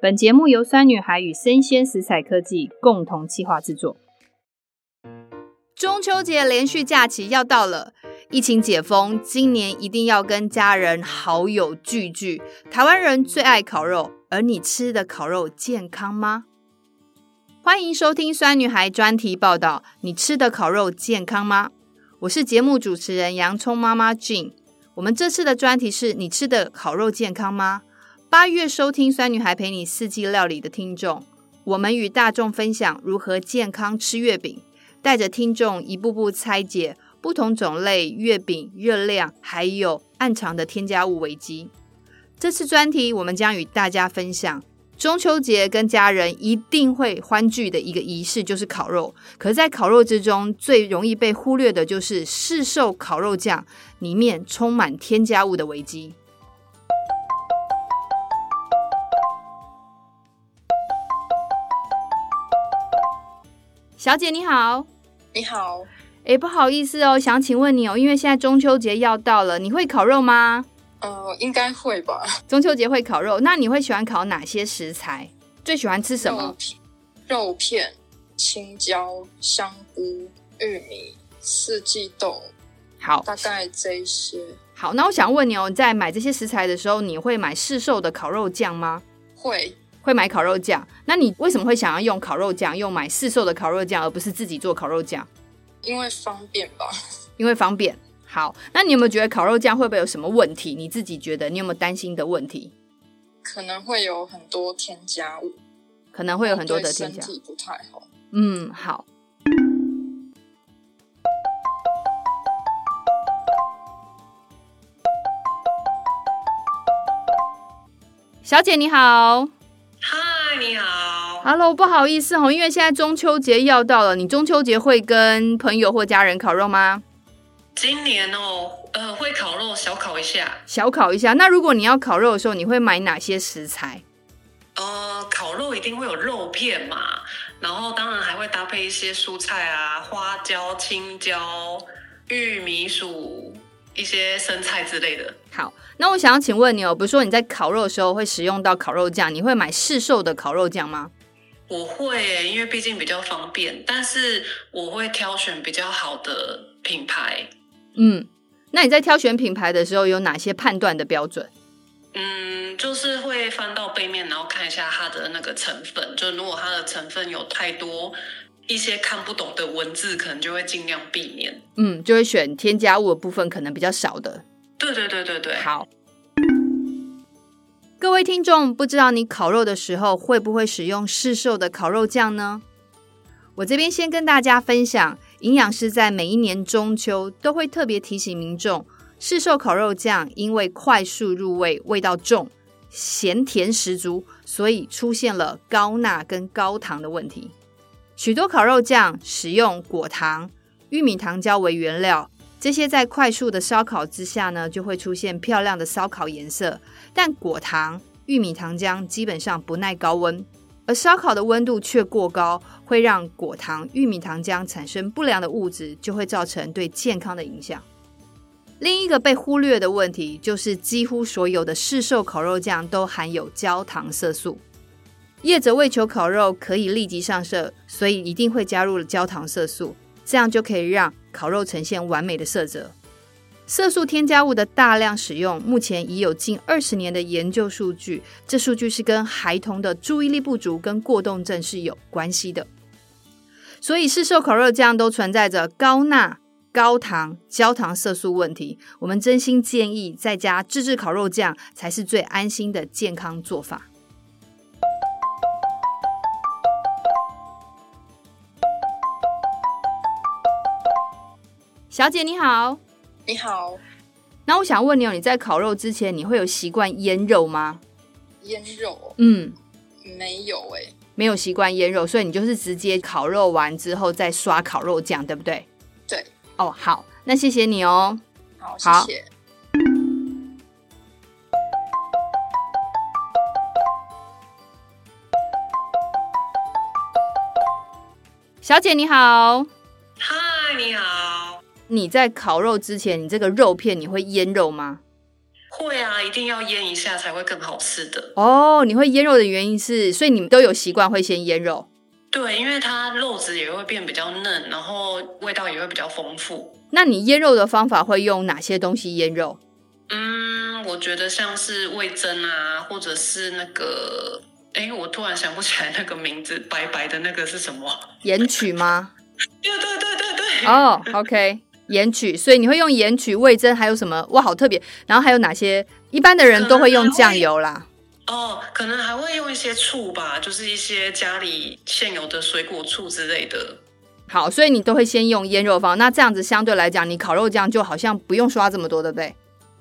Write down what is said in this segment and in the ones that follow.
本節目由酸女孩與聲鮮時采科技共同企劃製作。中秋節連續假期要到了，疫情解封，今年一定要跟家人好友聚聚。台灣人最愛烤肉，而你吃的烤肉健康嗎？歡迎收聽酸女孩專題報道：你吃的烤肉健康嗎？我是節目主持人洋蔥媽媽 Jean。我們這次的專題是你吃的烤肉健康嗎？八月收聽《酸女孩陪你四季料理》的聽眾，我們與大眾分享如何健康吃月餅，帶着聽眾一步步拆解不同種類月餅熱量，還有暗藏的添加物危機。這次專題，我們將與大家分享中秋節跟家人一定會歡聚的一個儀式，就是烤肉。可在烤肉之中，最容易被忽略的就是市售烤肉醬裡面充滿添加物的危機。小姐你好，你好，哎、欸、不好意思哦，想請問你哦，因為現在中秋節要到了，你會烤肉嗎？嗯、呃，應該會吧。中秋節會烤肉，那你會喜歡烤哪些食材？最喜歡吃什麼？肉片、肉片、青椒、香菇、玉米、四季豆，好，大概這些。好，那我想問你哦，在買這些食材的時候，你會買市售的烤肉醬嗎？會。會買烤肉醬，那你為什麼會想要用烤肉醬，用買市售的烤肉醬，而不是自己做烤肉醬？因為方便吧。因為方便。好，那你有沒有覺得烤肉醬會不會有什麼問題？你自己覺得，你有沒有擔心的問題？可能會有很多添加物，可能會有很多的添加，不太好。嗯，好。小姐你好。Hello，不好意思哦，因為現在中秋節要到了，你中秋節會跟朋友或家人烤肉嗎？今年哦、喔，呃，會烤肉，小烤一下，小烤一下。那如果你要烤肉的時候，你會買哪些食材？呃，烤肉一定會有肉片嘛，然後當然還會搭配一些蔬菜啊，花椒、青椒、玉米薯、一些生菜之類的。好，那我想要請問你哦、喔，比如說你在烤肉的時候會使用到烤肉醬，你會買市售的烤肉醬嗎？我會，因為畢竟比較方便，但是我會挑選比較好的品牌。嗯，那你在挑選品牌的時候有哪些判斷的標準？嗯，就是會翻到背面，然後看一下它的那個成分。就如果它的成分有太多一些看不懂的文字，可能就會盡量避免。嗯，就會選添加物的部分可能比較少的。對對對對對，好。各位聽眾，不知道你烤肉的時候會不會使用市售的烤肉醬呢？我這邊先跟大家分享，營養師在每一年中秋都會特別提醒民眾，市售烤肉醬因為快速入味，味道重，鹹甜十足，所以出現了高鈉跟高糖的問題。許多烤肉醬使用果糖、玉米糖漿為原料。這些在快速的燒烤之下呢，就會出現漂亮的燒烤顏色。但果糖、玉米糖漿基本上不耐高溫，而燒烤的溫度卻過高，會讓果糖、玉米糖漿產生不良的物質，就會造成對健康的影響。另一個被忽略的問題，就是幾乎所有的市售烤肉醬都含有焦糖色素。業者為求烤肉可以立即上色，所以一定會加入了焦糖色素，這樣就可以讓。烤肉呈現完美的色澤，色素添加物的大量使用，目前已有近二十年的研究數據，這數據是跟孩童的注意力不足跟過動症是有關係的。所以市售烤肉醬都存在着高鈉、高糖、焦糖色素問題，我們真心建議在家自制烤肉醬才是最安心的健康做法。小姐你好，你好。你好。那我想問你哦，你在烤肉之前，你會有習慣醃肉嗎？醃肉？嗯，沒有誒、欸，沒有習慣醃肉，所以你就是直接烤肉完之後再刷烤肉醬，對不對？對。哦，好，那謝謝你哦。好，好謝謝。小姐你好。你在烤肉之前，你這個肉片你會醃肉嗎？會啊，一定要醃一下才會更好吃的哦。你會醃肉的原因是，所以你們都有習慣會先醃肉。對，因為它肉質也會變比較嫩，然後味道也會比較豐富。那你醃肉的方法會用哪些東西醃肉？嗯，我覺得像是味噌啊，或者是那個……哎，我突然想不起來那個名字，白白的那個是什麼？鹽曲嗎？對對對對對。哦，oh, OK。鹽麴，所以你會用鹽麴、味噌，還有什麼？哇，好特別！然後還有哪些一般的人都會用醬油啦？哦，可能還會用一些醋吧，就是一些家裡現有的水果醋之類的。好，所以你都會先用醃肉方，那這樣子相對來講，你烤肉醬就好像不用刷這麼多的，對不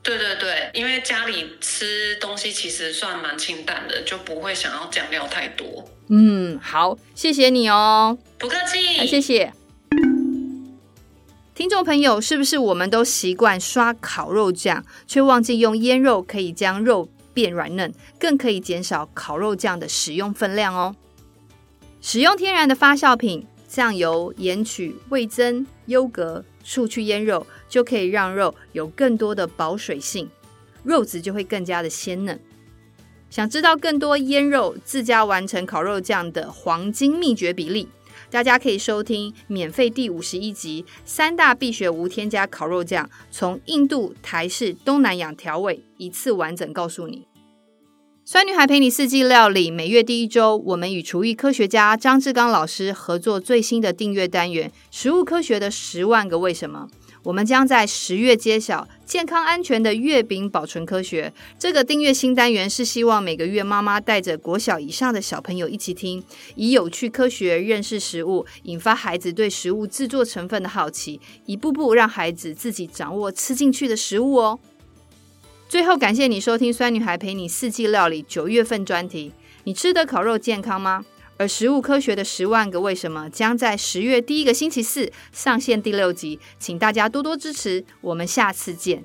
對？對對對，因為家裡吃東西其實算蠻清淡的，就不會想要醬料太多。嗯，好，謝謝你哦，不客氣，謝謝。聽眾朋友，是不是我們都習慣刷烤肉醬，卻忘記用醃肉可以將肉變軟嫩，更可以減少烤肉醬的使用分量哦？使用天然的發酵品，醬油、鹽曲、味噌、優格，醋去醃肉，就可以讓肉有更多的保水性，肉質就會更加的鮮嫩。想知道更多醃肉自家完成烤肉醬的黃金秘訣比例？大家可以收聽免費第五十一集三大必學無添加烤肉醬，從印度、台式、東南亞調味一次完整告訴你。酸女孩陪你四季料理，每月第一週，我們與廚藝科學家張志剛老師合作最新的訂閱單元——食物科學的十萬個為什麼。我們將在十月揭曉健康安全的月餅保存科學。這個訂閱新單元是希望每個月媽媽帶着國小以上的小朋友一起聽，以有趣科學認識食物，引發孩子對食物制作成分的好奇，一步步讓孩子自己掌握吃進去的食物哦。最後感謝你收聽酸女孩陪你四季料理九月份專題。你吃的烤肉健康嗎？而《食物科學的十萬個為什麼》將在十月第一個星期四上線第六集，請大家多多支持，我們下次見。